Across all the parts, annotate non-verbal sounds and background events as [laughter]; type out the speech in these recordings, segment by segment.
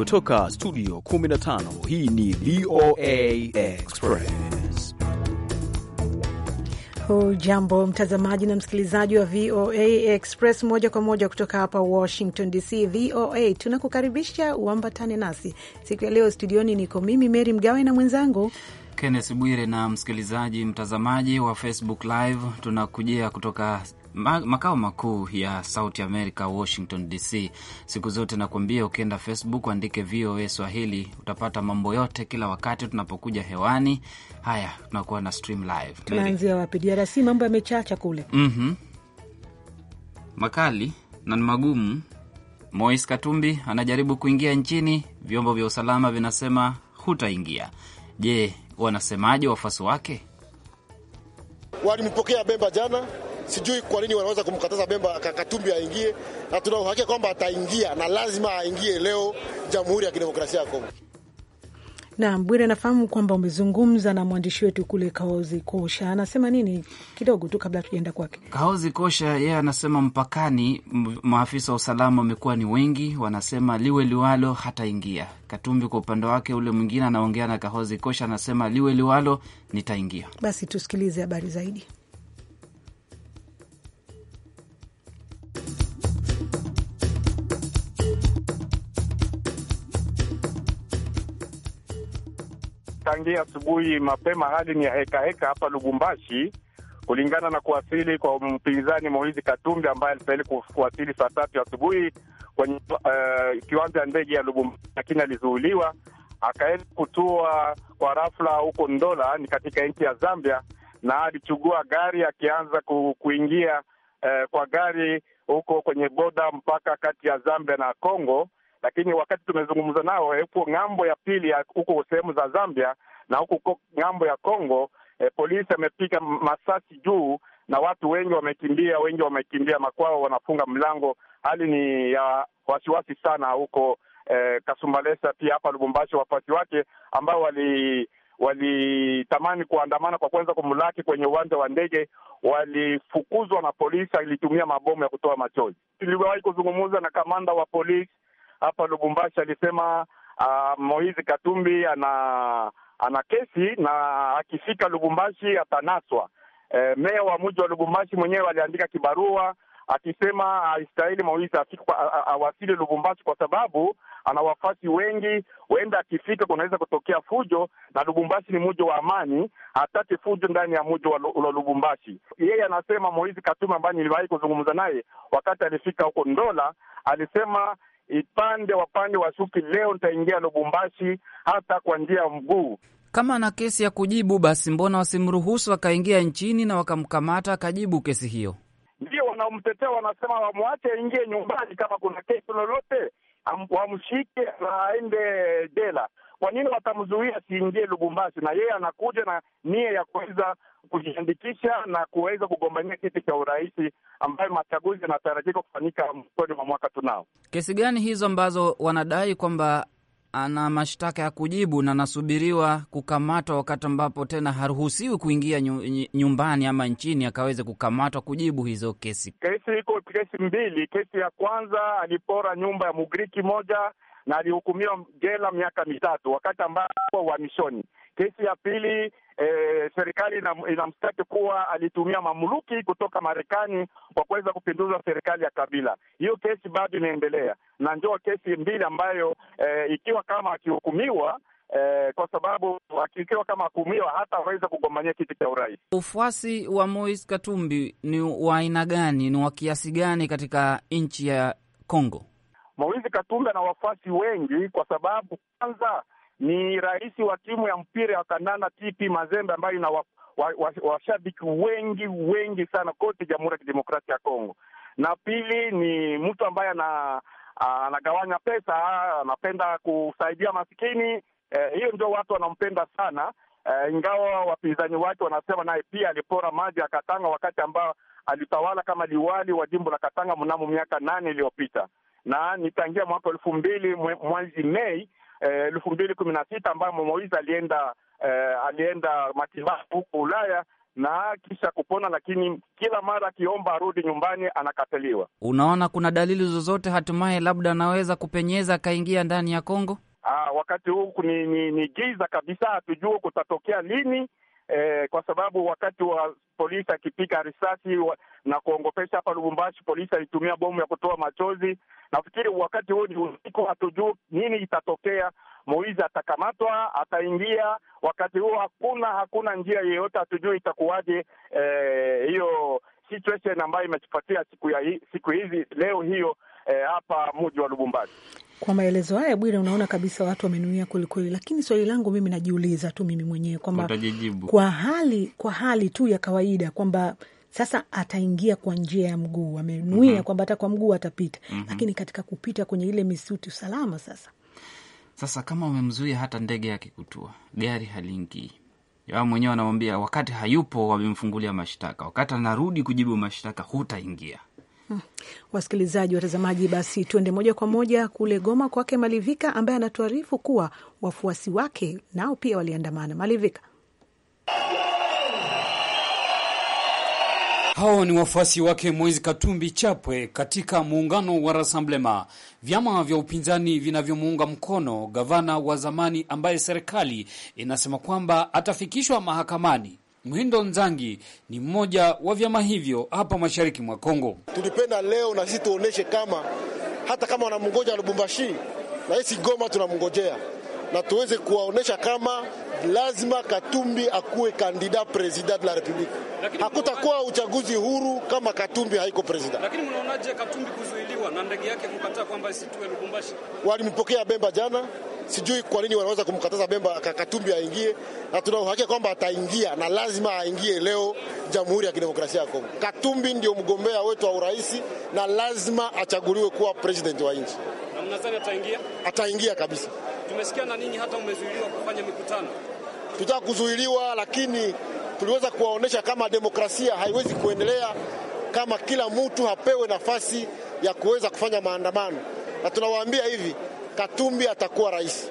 kutoka studio 15 hii ni VOA Express. Hujambo mtazamaji na msikilizaji wa VOA Express moja kwa moja kutoka hapa Washington DC. VOA tunakukaribisha uambatane nasi siku ya leo. Studioni niko mimi Mary Mgawe na mwenzangu Kennes Bwire. Na msikilizaji mtazamaji wa Facebook Live, tunakujia kutoka makao makuu ya Sauti America, Washington DC. Siku zote nakuambia, ukienda Facebook uandike VOA Swahili utapata mambo yote kila wakati tunapokuja hewani. Haya, tunakuwa na stream live. Tunaanzia wapi? DRC mambo yamechacha kule, mm -hmm. makali na ni magumu. mois Katumbi anajaribu kuingia nchini, vyombo vya usalama vinasema hutaingia. Je, wanasemaje wafuasi wake? Walimpokea Bemba jana Sijui kwa nini wanaweza kumkataza Bemba Katumbi aingie, na tuna uhakika kwamba ataingia na lazima aingie leo Jamhuri ya Kidemokrasia ya Kongo. Naam, Bwire, nafahamu kwamba umezungumza na mwandishi wetu kule Kaozi Kosha, anasema nini kidogo tu kabla tujaenda kwake? Kaozi Kosha yeye, yeah, anasema mpakani, maafisa wa usalama wamekuwa ni wengi, wanasema liwe liwalo, hataingia Katumbi. Kwa upande wake ule mwingine anaongea na Kaozi Kosha, anasema liwe liwalo, nitaingia. Basi tusikilize habari zaidi. tangia asubuhi mapema hali ni ya heka heka hapa Lubumbashi, kulingana na kuwasili kwa mpinzani Moizi Katumbi ambaye alistahili kuwasili saa tatu asubuhi kwenye uh, kiwanja ndege ya Lubumbashi, lakini alizuuliwa akaenda kutua kwa rafla huko Ndola, ni katika nchi ya Zambia, na alichugua gari akianza ku, kuingia uh, kwa gari huko kwenye boda mpaka kati ya Zambia na Congo lakini wakati tumezungumza nao eh, huko ng'ambo ya pili huko sehemu za Zambia na huko ng'ambo ya Kongo eh, polisi amepiga masasi juu na watu wengi wamekimbia, wengi wamekimbia makwao, wanafunga mlango. Hali ni ya wasiwasi sana huko eh, Kasumbalesa, pia hapa Lubumbashi. Wafuasi wake ambao wali walitamani kuandamana kwa kwanza kumlaki kwenye uwanja wa ndege walifukuzwa na polisi, alitumia mabomu ya kutoa machozi. tuliwahi kuzungumza na kamanda wa polisi hapa Lubumbashi alisema uh, ah, Moizi Katumbi ana ana kesi na akifika Lubumbashi atanaswa. E, meya wa mji wa Lubumbashi mwenyewe aliandika kibarua akisema aistahili ah, Moizi ah, awasili Lubumbashi kwa sababu ana wafasi wengi, huenda akifika kunaweza kutokea fujo, na Lubumbashi ni mji wa amani, hataki fujo ndani ya mji wa Lubumbashi. Yeye anasema Moizi Katumbi ambaye niliwahi kuzungumza naye wakati alifika huko Ndola, alisema ipande wapande wasuki. Leo nitaingia Lubumbashi hata kwa njia ya mguu. Kama ana kesi ya kujibu, basi mbona wasimruhusu akaingia nchini na wakamkamata akajibu kesi hiyo? Ndio wanamtetea wanasema wamwache aingie nyumbani, kama kuna kesi lolote wamshike na aende jela. Kwa nini watamzuia asiingie Lubumbashi? Na yeye anakuja na nia ya kuweza kujiandikisha na kuweza kugombania kiti cha urais ambayo machaguzi yanatarajika kufanyika mwishoni mwa mwaka tunao. Kesi gani hizo ambazo wanadai kwamba ana mashtaka ya kujibu na anasubiriwa kukamatwa, wakati ambapo tena haruhusiwi kuingia nyumbani ama nchini akaweze kukamatwa kujibu hizo kesi. Kesi iko kesi mbili. Kesi ya kwanza alipora nyumba ya mugriki moja na alihukumiwa jela miaka mitatu wakati ambapo uhamishoni wa Kesi ya pili eh, serikali ina kuwa alitumia mamluki kutoka Marekani kwa kuweza kupinduza serikali ya Kabila. Hiyo kesi bado inaendelea na ndio kesi mbili ambayo eh, ikiwa kama akihukumiwa Eh, kwa sababu akikiwa kama akumiwa aweze kugombania kiti cha urais. Ufuasi wa Moise Katumbi ni wa aina gani? Ni wa kiasi gani katika nchi ya Kongo? Moise Katumbi ana wafuasi wengi kwa sababu kwanza ni rais wa timu ya mpira ya kandanda TP Mazembe ambayo ina washabiki wa, wa, wa wengi wengi sana kote Jamhuri ya Kidemokrasia ya Kongo, na pili ni mtu ambaye ana anagawanya pesa, anapenda kusaidia masikini. Eh, hiyo ndio watu wanampenda sana eh, ingawa wapinzani wake wanasema naye pia alipora maji ya Katanga wakati ambao alitawala kama liwali wa jimbo la Katanga mnamo miaka nane iliyopita, na nitangia mwaka elfu mbili mwezi Mei Eh, elfu mbili kumi na sita ambayo Momoizi alienda eh, alienda matibabu huko Ulaya na kisha kupona, lakini kila mara akiomba arudi nyumbani anakataliwa. Unaona kuna dalili zozote hatimaye labda anaweza kupenyeza akaingia ndani ya Kongo? Aa, ah, wakati huu ni, ni, ni giza kabisa, hatujui kutatokea lini eh, kwa sababu wakati wa polisi akipiga risasi wa, na kuongopesha hapa Lubumbashi, polisi alitumia bomu ya kutoa machozi. Nafikiri wakati huu ni usiku, hatujui nini itatokea. Moizi atakamatwa, ataingia. Wakati huo hakuna hakuna njia yeyote, hatujui itakuwaje eh, hiyo eh, situation ambayo imetupatia siku ya hi, siku hizi leo hiyo eh, hapa eh, mji wa Lubumbashi. Kwa maelezo haya Bwire, unaona kabisa watu wamenuia kwelikweli, lakini swali langu mimi najiuliza tu mimi mwenyewe kwamba kwa hali, kwa hali tu ya kawaida kwamba sasa ataingia kwa njia ya mguu, amenuia mm -hmm. kwamba hata kwa mguu atapita mm -hmm. lakini katika kupita kwenye ile misitu usalama sasa sasa kama umemzuia hata ndege yake kutua, gari haliingii, yao mwenyewe wanamwambia wakati hayupo wamemfungulia mashtaka, wakati anarudi kujibu mashtaka hutaingia. Hmm. [laughs] Wasikilizaji, watazamaji, basi tuende moja kwa moja kule Goma kwake Malivika ambaye anatuarifu kuwa wafuasi wake nao pia waliandamana. Malivika. Hao ni wafuasi wake Moise Katumbi Chapwe katika muungano wa Rassemblement, vyama vya upinzani vinavyomuunga mkono gavana wa zamani ambaye serikali inasema kwamba atafikishwa mahakamani Mhindo Nzangi ni mmoja wa vyama hivyo hapa mashariki mwa Kongo. Tulipenda leo na sisi tuoneshe kama hata kama wanamngoja Lubumbashi na sisi Goma tunamngojea na tuweze kuwaonesha kama lazima Katumbi akuwe kandida presida de la republika Hakutakuwa uchaguzi huru kama Katumbi haiko presida. Lakini mnaonaje Katumbi kuzuiliwa na ndege yake kukataa kwamba isitue Lubumbashi? Walimpokea Bemba jana Sijui kwa nini wanaweza kumkataza Bemba Katumbi aingie, na tuna uhakika kwamba ataingia na lazima aingie leo Jamhuri ya Kidemokrasia ya Kongo. Katumbi ndio mgombea wetu wa urais na lazima achaguliwe kuwa president wa nchi. Na mnadhani ataingia? Ataingia kabisa. Tumesikia na ninyi hata umezuiliwa kufanya mikutano. Tutaka kuzuiliwa, lakini tuliweza kuwaonesha kama demokrasia haiwezi kuendelea kama kila mtu hapewe nafasi ya kuweza kufanya maandamano, na tunawaambia hivi Katumbi atakuwa rais,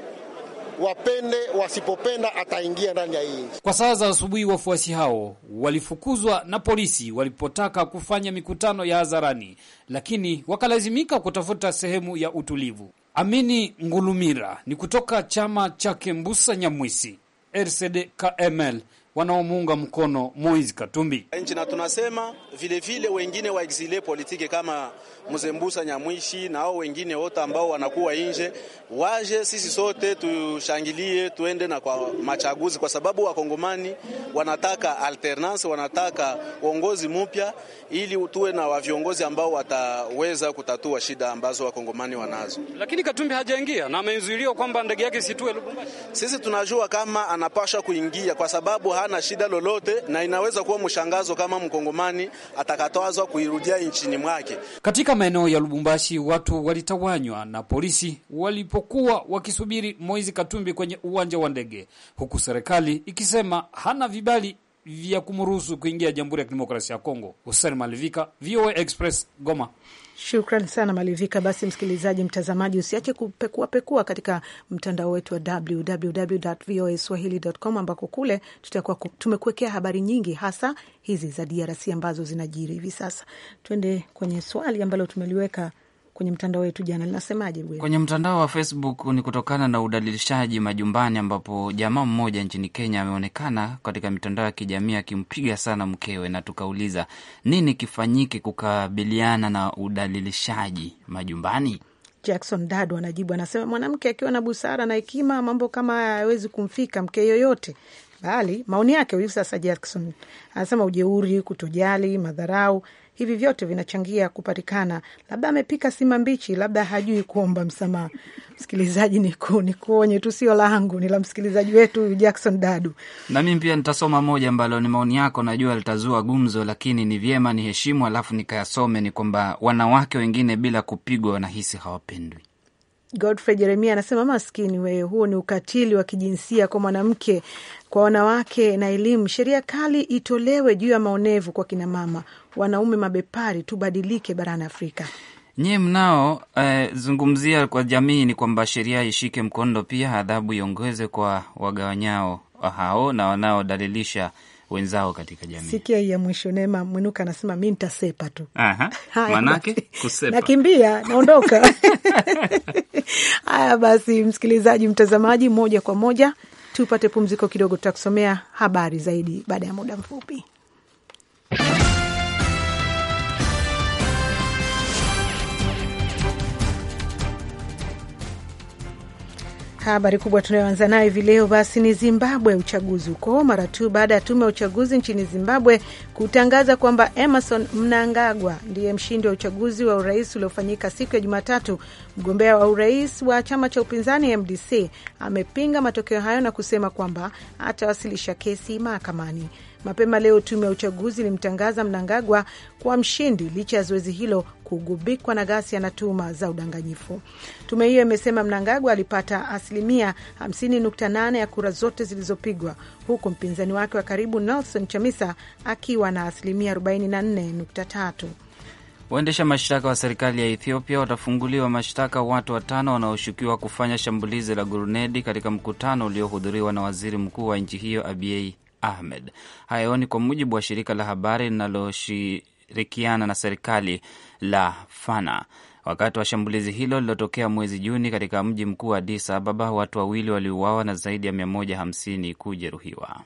wapende wasipopenda, ataingia ndani ya hii nchi. Kwa saa za asubuhi, wafuasi hao walifukuzwa na polisi walipotaka kufanya mikutano ya hadharani, lakini wakalazimika kutafuta sehemu ya utulivu. Amini Ngulumira ni kutoka chama cha Kembusa Nyamwisi RCD KML wanaomuunga mkono Moise Katumbi nchi, na tunasema vile vile wengine wa exile politike kama Mzembusa Nyamwishi na hao wengine wote ambao wanakuwa nje, waje sisi sote tushangilie, tuende na kwa machaguzi, kwa sababu wakongomani wanataka alternance, wanataka uongozi mpya, ili tuwe na waviongozi ambao wataweza kutatua shida ambazo wakongomani wanazo. Lakini Katumbi hajaingia na amezuiliwa kwamba ndege yake situe Lubumbashi. Sisi tunajua kama anapasha kuingia kwa sababu hana shida lolote, na inaweza kuwa mshangazo kama mkongomani atakatazwa kuirudia nchini mwake. Katika maeneo ya Lubumbashi watu walitawanywa na polisi walipokuwa wakisubiri Moizi Katumbi kwenye uwanja wa ndege, huku serikali ikisema hana vibali vya kumruhusu kuingia Jamhuri ya Kidemokrasia ya Kongo. Hussein Malivika, VOA Express, Goma. Shukran sana Malivika. Basi msikilizaji, mtazamaji, usiache kupekuapekua katika mtandao wetu wa swahilicom ambako kule tutakuwa tumekuwekea habari nyingi, hasa hizi za DRC ambazo zinajiri hivi sasa. Tuende kwenye swali ambalo tumeliweka kwenye mtandao wetu jana, linasemaje? Kwenye mtandao wa Facebook ni kutokana na udalilishaji majumbani, ambapo jamaa mmoja nchini Kenya ameonekana katika mitandao ya kijamii akimpiga sana mkewe, na tukauliza nini kifanyike kukabiliana na udalilishaji majumbani. Jackson Dado anajibu anasema, mwanamke akiwa na busara na hekima, mambo kama haya hayawezi kumfika mke yoyote bali maoni yake huyu sasa Jackson anasema ujeuri, kutojali, madharau hivi vyote vinachangia kupatikana, labda amepika sima mbichi, labda hajui kuomba msamaha. Msikilizaji, ni kuonye tu, sio langu, ni la msikilizaji wetu Jackson Dadu. Na mimi pia nitasoma moja ambalo ni maoni yako, najua litazua gumzo, lakini ni vyema ni heshimu, alafu nikayasome. Ni kwamba wanawake wengine bila kupigwa wanahisi hawapendwi. Godfrey Jeremia anasema maskini wewe, huo ni ukatili wa kijinsia kwa mwanamke, kwa wanawake na elimu. Sheria kali itolewe juu ya maonevu kwa kinamama, wanaume mabepari, tubadilike barani Afrika. Nyie mnao eh, zungumzia kwa jamii ni kwamba sheria ishike mkondo, pia adhabu iongeze kwa wagawanyao hao na wanaodalilisha wenzao katika jamii. Sikia ya mwisho, Neema Mwinuka anasema mi ntasepa tu, [laughs] manake kusepa, nakimbia naondoka. [laughs] [laughs] Haya basi, msikilizaji, mtazamaji, moja kwa moja tupate pumziko kidogo, tutakusomea habari zaidi baada ya muda mfupi. Habari kubwa tunayoanza nayo hivi leo basi ni Zimbabwe. Uchaguzi huko mara tu baada ya tume ya uchaguzi nchini Zimbabwe kutangaza kwamba Emerson Mnangagwa ndiye mshindi wa uchaguzi wa urais uliofanyika siku ya Jumatatu. Mgombea wa urais wa chama cha upinzani MDC amepinga matokeo hayo na kusema kwamba atawasilisha kesi mahakamani. Mapema leo tume ya uchaguzi ilimtangaza Mnangagwa kuwa mshindi licha ya zoezi hilo kugubikwa na ghasia na tuhuma za udanganyifu. Tume hiyo imesema Mnangagwa alipata asilimia 50.8 ya kura zote zilizopigwa huku mpinzani wake wa karibu Nelson Chamisa akiwa na asilimia 44.3. Waendesha mashtaka wa serikali ya Ethiopia watafunguliwa mashtaka watu watano wanaoshukiwa kufanya shambulizi la gurunedi katika mkutano uliohudhuriwa na waziri mkuu wa nchi hiyo Abiy Ahmed. Hayo ni kwa mujibu wa shirika la habari linaloshirikiana na serikali la Fana. Wakati wa shambulizi hilo lilotokea mwezi Juni katika mji mkuu wa Addis Ababa, watu wawili waliuawa na zaidi ya 150 kujeruhiwa.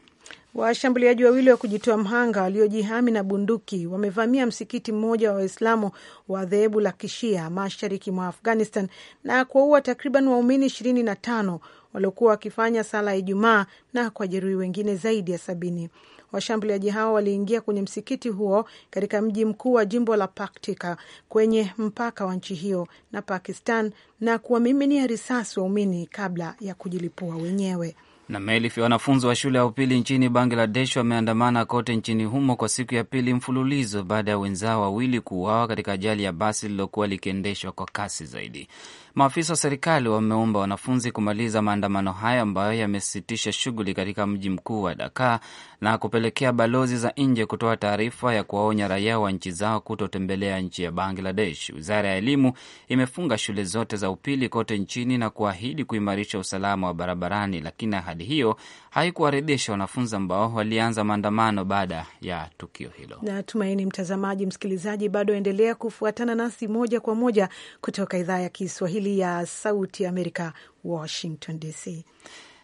Washambuliaji wawili wa kujitoa mhanga waliojihami na bunduki wamevamia msikiti mmoja wa Waislamu wa dhehebu la Kishia mashariki mwa Afghanistan na kuwaua takriban waumini 25 waliokuwa wakifanya sala ya Ijumaa na kwa jeruhi wengine zaidi ya sabini. Washambuliaji hao waliingia kwenye msikiti huo katika mji mkuu wa jimbo la Paktika kwenye mpaka wa nchi hiyo na Pakistan na kuwamiminia risasi waumini kabla ya kujilipua wenyewe. Na maelfu ya wanafunzi wa shule ya upili nchini Bangladesh wameandamana kote nchini humo kwa siku ya pili mfululizo baada ya wenzao wawili kuuawa katika ajali ya basi lililokuwa likiendeshwa kwa kasi zaidi. Maafisa wa serikali wameomba wanafunzi kumaliza maandamano hayo ambayo yamesitisha shughuli katika mji mkuu wa Dakar na kupelekea balozi za nje kutoa taarifa ya kuwaonya raia wa nchi zao kutotembelea nchi ya Bangladesh. Wizara ya elimu imefunga shule zote za upili kote nchini na kuahidi kuimarisha usalama wa barabarani, lakini ahadi hiyo haikuwaridhisha wanafunzi ambao walianza maandamano baada ya tukio hilo. Natumaini mtazamaji, msikilizaji, bado endelea kufuatana nasi moja kwa moja kutoka idhaa ya Kiswahili Kiswahili ya Sauti ya Amerika, Washington DC.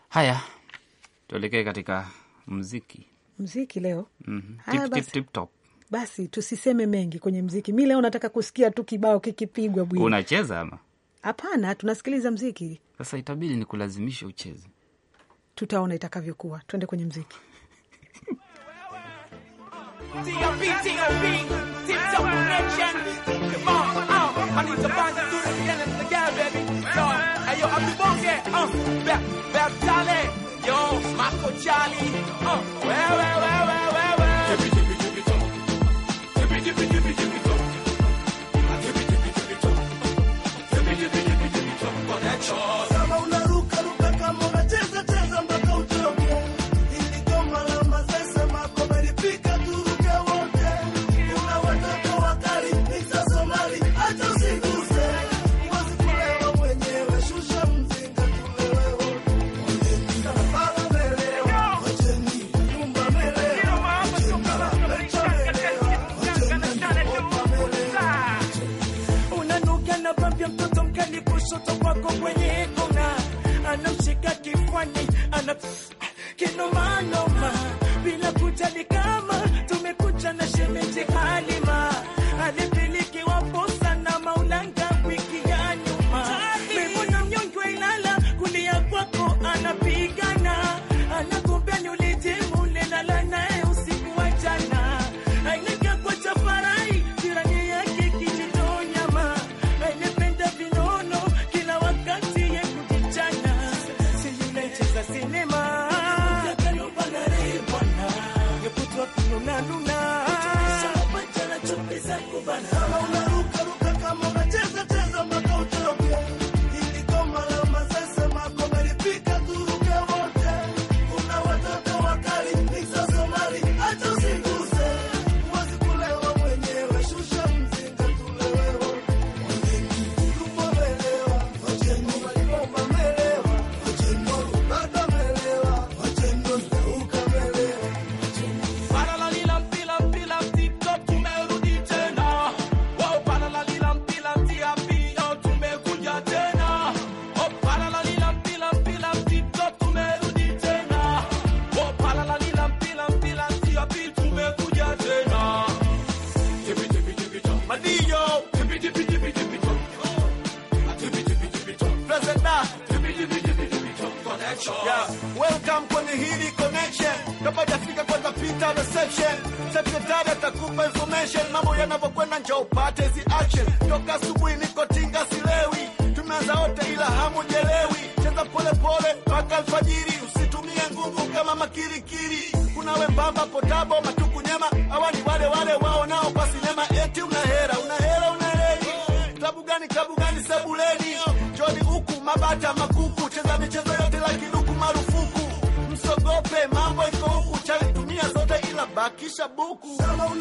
Haya, tuelekee katika mziki. Mziki leo mm -hmm. tip, basi. Tip, tip, Basi tusiseme mengi kwenye mziki. Mi leo nataka kusikia tu kibao kikipigwa. Bwi, unacheza ama hapana? Tunasikiliza mziki sasa, itabidi ni kulazimisha ucheze. Tutaona itakavyokuwa. Tuende kwenye mziki yo, I'm the Abibonge, uh, Bertale, yo, Marco Charlie, uh, where, where, where? election. Sekretari atakupa information mambo yanavyokwenda, nja upate zi action. Toka asubuhi niko tinga, silewi, tumeanza wote ila hamujelewi. Cheza polepole mpaka alfajiri, usitumie nguvu kama makirikiri. Kuna wembamba, potabo, matuku, nyema, awani wale wale wao waonao kwa sinema eti una hera, una hera, una Tabu gani, tabu gani? Sebuleni, jodi huku mabata Bicha Boco. É Solo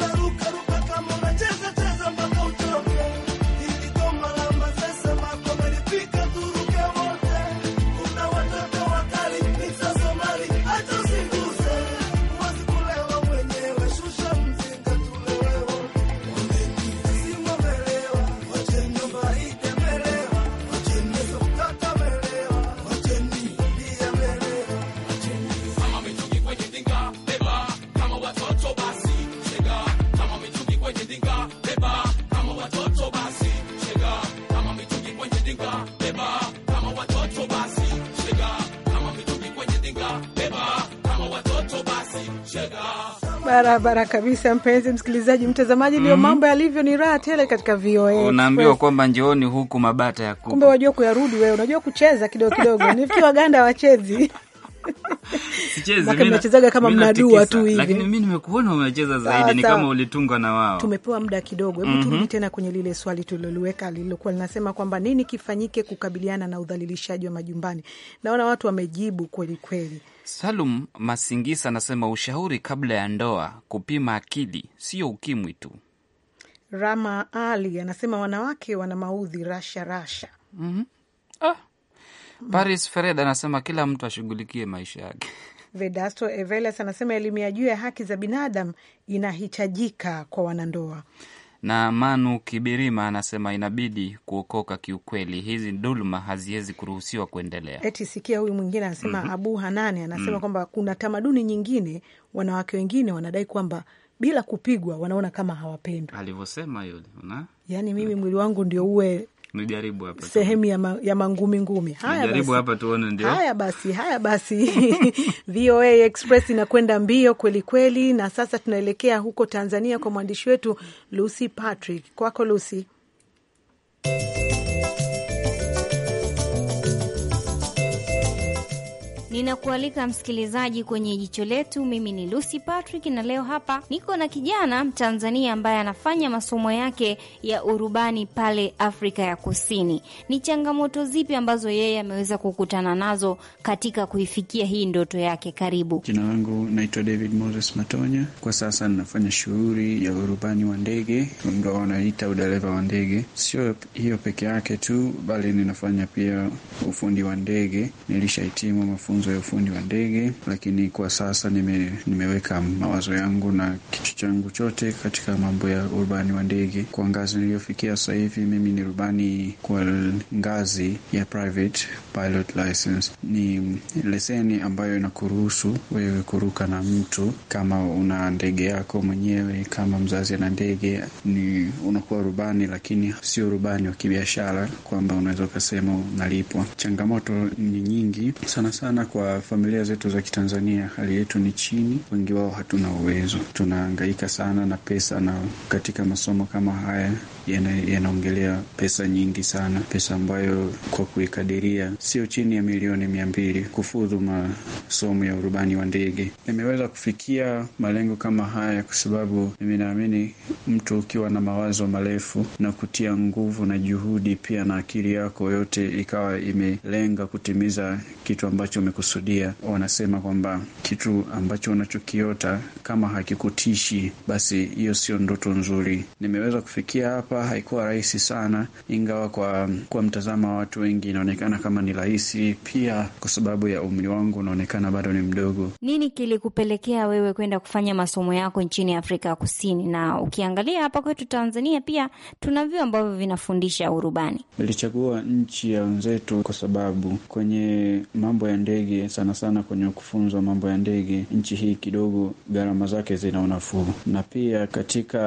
Barabara kabisa, mpenzi msikilizaji, mtazamaji, ndio mm mambo yalivyo, ni raha tele katika VOA. Unaambiwa kwamba njooni huku mabata ya kuku, kumbe wajua kuyarudi. Wewe unajua kucheza kidogo kidogo, [laughs] nifikiri Waganda wachezi [laughs] mnachezaga kama mnadua tu hivi, lakini nimekuona umecheza zaidi, ni kama ulitungwa na wao. Tumepewa muda kidogo, hebu mm -hmm. turudi tena kwenye lile swali tuliloliweka lililokuwa linasema kwamba nini kifanyike kukabiliana na udhalilishaji wa majumbani. Naona watu wamejibu kweli kweli. Salum Masingisa anasema ushauri kabla ya ndoa, kupima akili, sio ukimwi tu. Rama Ali anasema wanawake wana maudhi rasha rasha. mm -hmm. ah. Paris Fered anasema kila mtu ashughulikie maisha yake. [laughs] Vedasto Eveles anasema elimu ya juu ya haki za binadamu inahitajika kwa wanandoa na Manu Kibirima anasema inabidi kuokoka kiukweli, hizi dhuluma haziwezi kuruhusiwa kuendelea. Eti sikia huyu mwingine anasema mm -hmm. Abu Hanani anasema mm -hmm. kwamba kuna tamaduni nyingine, wanawake wengine wanadai kwamba bila kupigwa wanaona kama hawapendwi, alivyosema yule una? Yani mimi mm. mwili wangu ndio uwe Nijaribu hapa sehemu ya, ma, ya mangumi ngumi. Haya basi, hapa tuone ndio. Haya basi, haya basi. [laughs] VOA Express inakwenda mbio kweli kweli, na sasa tunaelekea huko Tanzania kwa mwandishi wetu Lucy Patrick. Kwako Lucy. Ninakualika msikilizaji kwenye jicho letu. Mimi ni Lucy Patrick na leo hapa niko na kijana Mtanzania ambaye anafanya masomo yake ya urubani pale Afrika ya Kusini. Ni changamoto zipi ambazo yeye ameweza kukutana nazo katika kuifikia hii ndoto yake? Karibu. Jina langu naitwa David Moses Matonya. Kwa sasa ninafanya shughuli ya urubani wa ndege, ndo wanaita udereva wa ndege. Sio hiyo peke yake tu, bali ninafanya pia ufundi wa ndege. Nilishahitimu mafunzo mafunzo ya ufundi wa ndege, lakini kwa sasa nime, nimeweka mawazo yangu na kitu changu chote katika mambo ya urubani wa ndege. Kwa ngazi niliyofikia sasa hivi, mimi ni rubani kwa ngazi ya private pilot license. Ni leseni ambayo inakuruhusu wewe kuruka na mtu kama una ndege yako mwenyewe, kama mzazi ana ndege, ni unakuwa rubani, lakini sio rubani wa kibiashara, kwamba unaweza ukasema unalipwa. Changamoto ni nyingi sana sana kwa familia zetu za Kitanzania, hali yetu ni chini, wengi wao hatuna uwezo, tunahangaika sana na pesa, na katika masomo kama haya yanaongelea yana pesa nyingi sana, pesa ambayo kwa kuikadiria sio chini ya milioni mia mbili kufudhu masomo ya urubani wa ndege. Nimeweza kufikia malengo kama haya kwa sababu mimi naamini mtu ukiwa na mawazo marefu na kutia nguvu na juhudi pia na akili yako yote ikawa imelenga kutimiza kitu ambacho umekusudia. Wanasema kwamba kitu ambacho unachokiota kama hakikutishi, basi hiyo sio ndoto nzuri. Nimeweza kufikia hapa haikuwa rahisi sana, ingawa kwa, kwa mtazama wa watu wengi inaonekana kama ni rahisi, pia kwa sababu ya umri wangu unaonekana bado ni mdogo. Nini kilikupelekea wewe kwenda kufanya masomo yako nchini Afrika Kusini? Na ukiangalia hapa kwetu Tanzania pia tuna vyuo ambavyo vinafundisha urubani. Nilichagua nchi ya wenzetu kwa sababu kwenye mambo ya ndege, sana sana kwenye kufunzwa mambo ya ndege, nchi hii kidogo gharama zake zina unafuu, na pia katika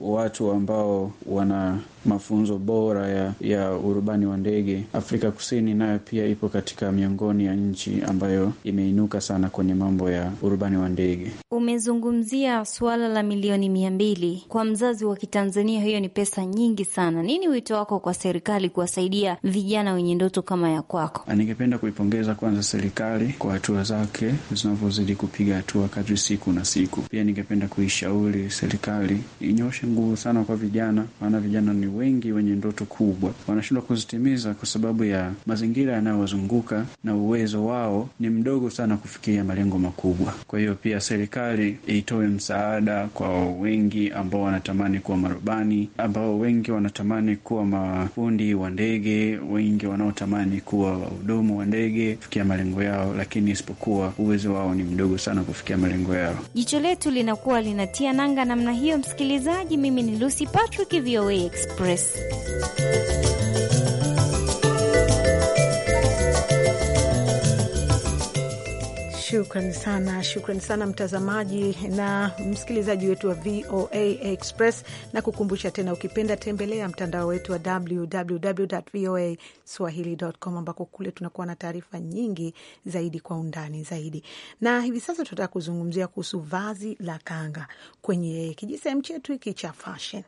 watu ambao wana know. mafunzo bora ya, ya urubani wa ndege. Afrika Kusini nayo pia ipo katika miongoni ya nchi ambayo imeinuka sana kwenye mambo ya urubani wa ndege. Umezungumzia suala la milioni mia mbili kwa mzazi wa Kitanzania, hiyo ni pesa nyingi sana. Nini wito wako kwa serikali kuwasaidia vijana wenye ndoto kama ya kwako? Ningependa kuipongeza kwanza serikali kwa hatua zake zinavyozidi kupiga hatua kadri siku na siku. Pia ningependa kuishauri serikali inyoshe nguvu sana kwa vijana, maana vijana ni wengi wenye ndoto kubwa wanashindwa kuzitimiza kwa sababu ya mazingira yanayowazunguka na uwezo wao ni mdogo sana kufikia malengo makubwa. Kwa hiyo pia serikali itoe msaada kwa wengi ambao wanatamani kuwa marubani, ambao wengi wanatamani kuwa mafundi wa ndege, wengi wanaotamani kuwa wahudumu wa ndege, kufikia malengo yao, lakini isipokuwa uwezo wao ni mdogo sana kufikia malengo yao. Jicho letu linakuwa linatia nanga namna hiyo, msikilizaji. Mimi ni Lucy Patrick, VOA Express. Express. Shukran sana, shukran sana mtazamaji na msikilizaji wetu wa VOA Express, na kukumbusha tena, ukipenda tembelea mtandao wetu wa www voa swahili.com, ambako kule tunakuwa na taarifa nyingi zaidi kwa undani zaidi. Na hivi sasa tunataka kuzungumzia kuhusu vazi la kanga kwenye kijisehemu chetu hiki cha fashion,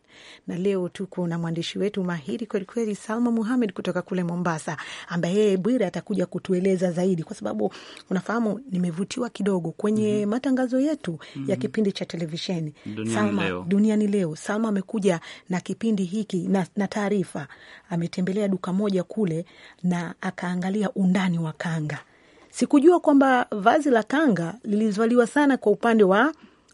na leo tuko na mwandishi wetu mahiri kwelikweli, Salma Muhamed kutoka kule Mombasa, ambaye yeye Bwire atakuja kutueleza zaidi, kwa sababu unafahamu nime nilivutiwa kidogo kwenye mm -hmm. matangazo yetu mm -hmm. ya kipindi cha televisheni Salma duniani leo. Salma amekuja na kipindi hiki na, na taarifa. Ametembelea duka moja kule na akaangalia undani wa kanga. Sikujua kwamba vazi la kanga lilizaliwa sana kwa upande wa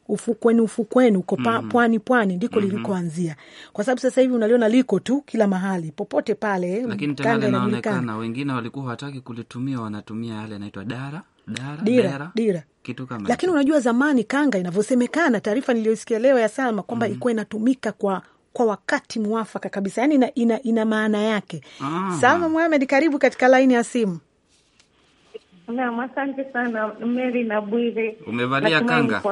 ufukweni ufukweni huko mm -hmm. pwani pwani ndiko mm -hmm. lilikoanzia, kwa sababu sasa hivi unaliona liko tu kila mahali popote pale, lakini tayari inaonekana. Wengine walikuwa hawataki kulitumia, wanatumia yale yanaitwa dara dara, dira, dara, dira. Kitu kama lakini unajua zamani kanga inavyosemekana, taarifa niliyoisikia leo ya Salma kwamba mm -hmm. ilikuwa inatumika kwa kwa wakati mwafaka kabisa, yani ina, ina, ina maana yake. ah. Salma Muhamed, karibu katika laini ya simu. Naam, asante sana Meri na Bwire. Umevalia kanga,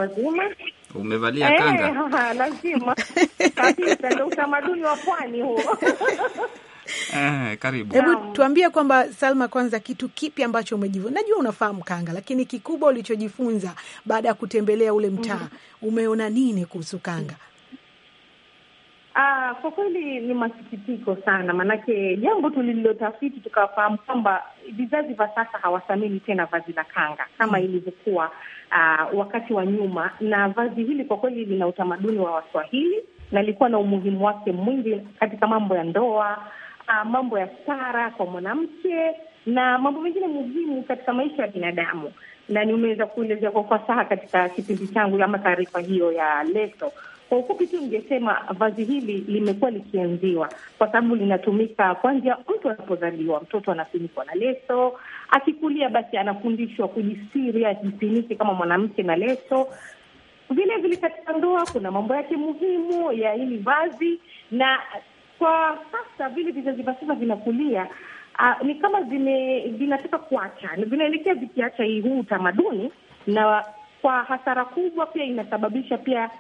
umevalia kanga, eh, [laughs] lazima [laughs] kabisa, ndo utamaduni wa pwani huo. [laughs] Eh, karibu. Hebu tuambie kwamba Salma, kwanza kitu kipi ambacho umejifunza? Najua unafahamu kanga, lakini kikubwa ulichojifunza baada ya kutembelea ule mtaa, mhm. umeona nini kuhusu kanga? Ah, kwa kweli ni masikitiko sana, maanake jambo tulilotafiti tukafahamu kwamba vizazi vya sasa hawathamini tena vazi la kanga kama mm. ilivyokuwa ah, wakati wa nyuma, na vazi hili kwa kweli lina utamaduni wa Waswahili na ilikuwa na umuhimu wake mwingi katika mambo ya ndoa uh, mambo ya stara kwa mwanamke na mambo mengine muhimu katika maisha ya binadamu, na nimeweza kuelezea kwa ufasaha katika kipindi changu ama taarifa hiyo ya leso. Kwa ufupi tu, ningesema vazi hili limekuwa likienziwa kwa sababu linatumika kwanzia mtu anapozaliwa. Mtoto anafunikwa na leso, akikulia basi anafundishwa kujisiri, ajifinike kama mwanamke na leso. Vilevile katika ndoa kuna mambo yake muhimu ya hili vazi na kwa sasa vile vizazi vya sasa vinakulia uh, ni kama vinataka kuacha, vinaelekea vikiacha huu utamaduni, na kwa hasara kubwa pia inasababisha pia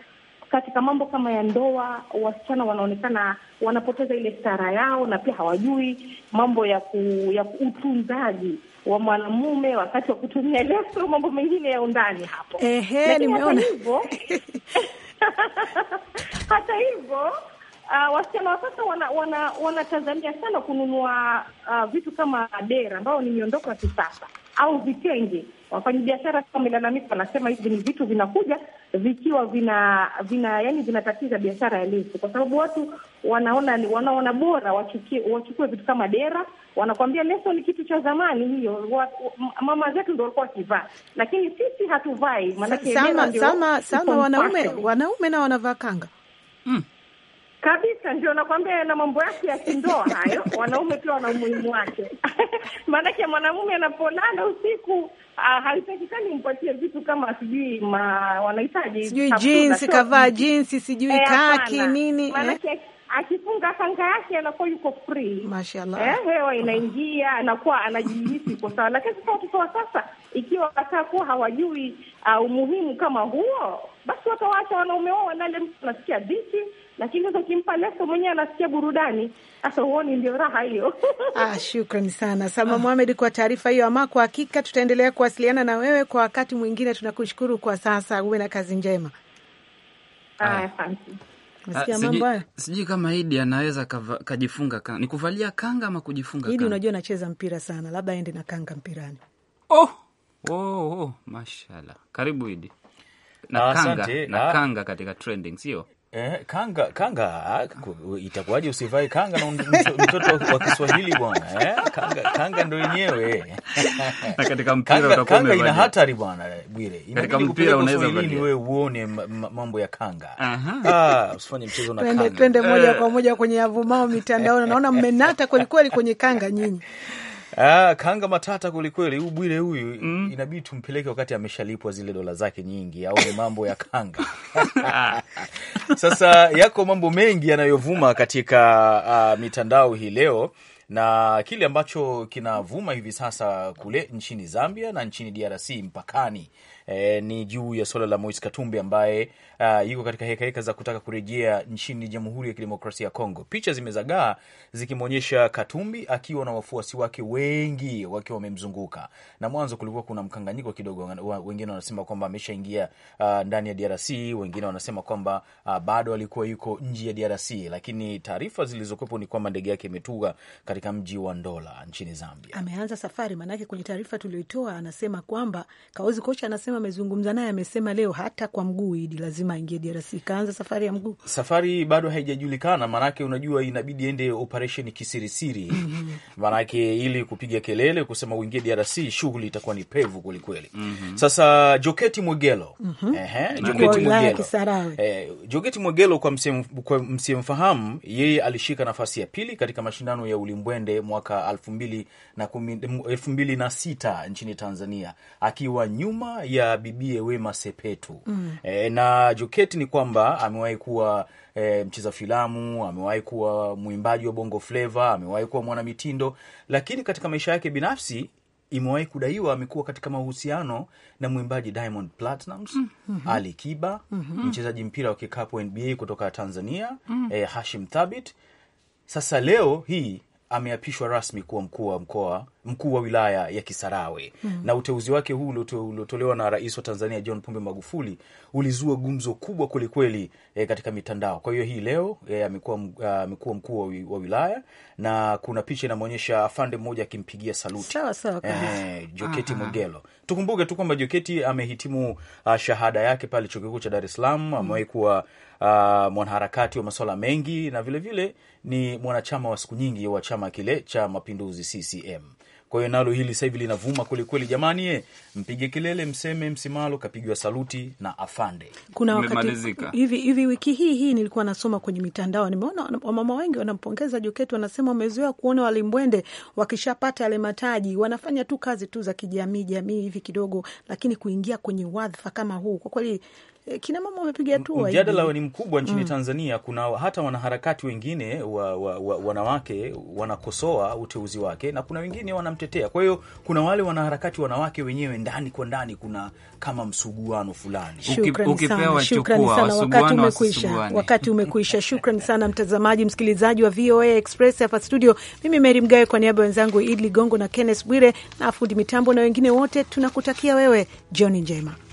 katika mambo kama ya ndoa, wasichana wanaonekana wanapoteza ile stara yao, na pia hawajui mambo ya ku, ya utunzaji wa mwanamume wakati wa kutumia leso, mambo mengine ya undani hapo. Ehe, nimeona [laughs] [laughs] hata hivyo Uh, wasichana wa sasa wanatazamia wana, wana sana kununua uh, vitu kama dera ambao ni miondoko ya kisasa au vitenge. Wafanyabiashara sasa wamelalamika, wanasema hivi ni vitu vinakuja vikiwa vina vina yani vinatatiza biashara ya leso, kwa sababu watu wanaona wanaona bora wachukie, wachukue vitu kama dera. wanakwambia leso ni kitu cha zamani, hiyo mama zetu ndio walikuwa wakivaa, lakini sisi hatuvai, maanake sama, sama, sama wanaume wanaume na wanavaa kanga mm kabisa. Ndio nakwambia, na mambo yake ya kindoa hayo. [laughs] Wanaume pia wana umuhimu wake [laughs] maanake mwanamume anapolala usiku ah, haitakikani mpatie vitu kama sijui ma wanahitaji sijui jinsi kavaa jinsi sijui eh, kaki sana, nini eh? maanake eh, akifunga kanga yake anakuwa yuko free mashallah, eh, hewa inaingia anakuwa anajihisi uko sawa. Lakini sasa watoto wa sasa, ikiwa watakuwa hawajui uh, umuhimu kama huo, basi watawacha wanaume wao walale, mtu anasikia dhiki lakini sasa ukimpa leso mwenyewe anasikia burudani. Sasa huoni, ndio raha hiyo. [laughs] Ah, shukrani sana Salma ah, Muhamed kwa taarifa hiyo. Ama kwa hakika tutaendelea kuwasiliana na wewe kwa wakati mwingine. Tunakushukuru kwa sasa, uwe na kazi njema. Ah, ah. Asante ah. Sijui kama Idi anaweza kajifunga kanga. Ni kuvalia kanga ama kujifunga Idi Unajua anacheza mpira sana, labda aende na kanga mpirani. Oh, oh, oh, mashallah. Karibu Idi na, ah, kanga, na ah. kanga katika trending, sio Eh, kanga kanga, itakuwaje usivae kanga na mtoto wa Kiswahili bwana eh? Kanga, kanga ndo yenyewe na katika mpira kanga, kanga ina hatari bwana Bwire, katika mpira unaweza kuvalia wewe uone mambo ya kanga. ah, usifanye mchezo na kanga. Twende moja eh. kwa moja kwenye avumao mitandaoni, naona mmenata kweli kweli kwenye kanga nyinyi. Ah, kanga matata kwelikweli, huyu Bwire huyu mm. Inabidi tumpeleke wakati ameshalipwa zile dola zake nyingi, au ni mambo ya kanga [laughs] Sasa yako mambo mengi yanayovuma katika uh, mitandao hii leo na kile ambacho kinavuma hivi sasa kule nchini Zambia na nchini DRC mpakani e, ni juu ya suala la Moise Katumbi ambaye yuko katika hekaheka za kutaka kurejea nchini Jamhuri ya Kidemokrasia ya Kongo. Picha zimezagaa zikimwonyesha Katumbi akiwa na wafuasi wake wengi wakiwa wamemzunguka, na mwanzo kulikuwa kuna mkanganyiko kidogo, wengine wanasema kwamba ameshaingia ndani ya DRC, wengine wanasema kwamba uh, bado alikuwa yuko nje ya DRC, lakini taarifa zilizokuwepo ni kwamba ndege yake imetua katika mji wa Ndola nchini Zambia. Ameanza safari maanake, kwenye taarifa tulioitoa anasema kwamba kaozi kocha anasema amezungumza naye, amesema leo hata kwa mguu idi lazima aingie DRC. Kaanza safari ya mguu, safari bado haijajulikana, maanake unajua inabidi ende operesheni kisirisiri [laughs] maanake ili kupiga kelele kusema uingie DRC, shughuli itakuwa ni pevu kwelikweli. mm -hmm. Sasa Joketi Mwegelo mm -hmm. Joketi Mwegelo eh, Joketi Mwegelo kwa msiemfahamu, yeye alishika nafasi ya pili katika mashindano ya ulimbu Mbwende mwaka elfu mbili na kumi, elfu mbili na sita nchini Tanzania akiwa nyuma ya bibie Wema Sepetu mm. E, na Joketi ni kwamba amewahi kuwa e, mcheza filamu, amewahi kuwa mwimbaji wa Bongo Flava, amewahi kuwa mwanamitindo, lakini katika maisha yake binafsi imewahi kudaiwa amekuwa katika mahusiano na mwimbaji Diamond Platnumz, mm -hmm. Ali Kiba, mm -hmm. mchezaji mpira wa kikapu NBA kutoka Tanzania, mm -hmm. e, Hashim Thabit. Sasa leo hii ameapishwa rasmi kuwa mkuu wa mkoa mkuu wa wilaya ya Kisarawe mm. na uteuzi wake huu uliotolewa na rais wa Tanzania John Pombe Magufuli ulizua gumzo kubwa kwelikweli e, eh, katika mitandao. Kwa hiyo hii leo e, amekuwa mkuu mkuu wa wilaya na kuna picha inamwonyesha afande mmoja akimpigia saluti sawa sawa kabisa e, Joketi Mugelo. Tukumbuke tu kwamba Joketi amehitimu uh, shahada yake pale chuo kikuu cha Dar es Salaam. Amewahi kuwa uh, mwanaharakati wa masuala mengi na vilevile vile, ni mwanachama wa siku nyingi wa chama kile cha mapinduzi CCM. Kwa hiyo nalo hili sasa hivi linavuma kwelikweli, jamani eh, mpige kelele, mseme msimalo, kapigwa saluti na afande. Kuna wakati hivi hivi, wiki hii hii nilikuwa nasoma kwenye mitandao, nimeona wamama wengi wanampongeza Joketi, wanasema wamezoea kuona walimbwende wakishapata yale mataji wanafanya tu kazi tu za kijamii jamii hivi kidogo, lakini kuingia kwenye wadhifa kama huu kwa kweli kina mama wamepiga hatua. Mjadala ni mkubwa nchini mm. Tanzania. Kuna hata wanaharakati wengine wa, wa, wa, wanawake wanakosoa uteuzi wake na kuna wengine wanamtetea. Kwa hiyo kuna wale wanaharakati wanawake wenyewe ndani kwa ndani kuna kama msuguano fulani. Ukipewa chukua, wakati umekwisha, wakati [laughs] umekwisha. Shukrani sana mtazamaji, msikilizaji wa VOA Express hapa studio. Mimi Mary Mgawe kwa niaba ya wenzangu Idli Gongo na Kenneth Bwire na afundi mitambo na wengine wote tunakutakia wewe jioni njema.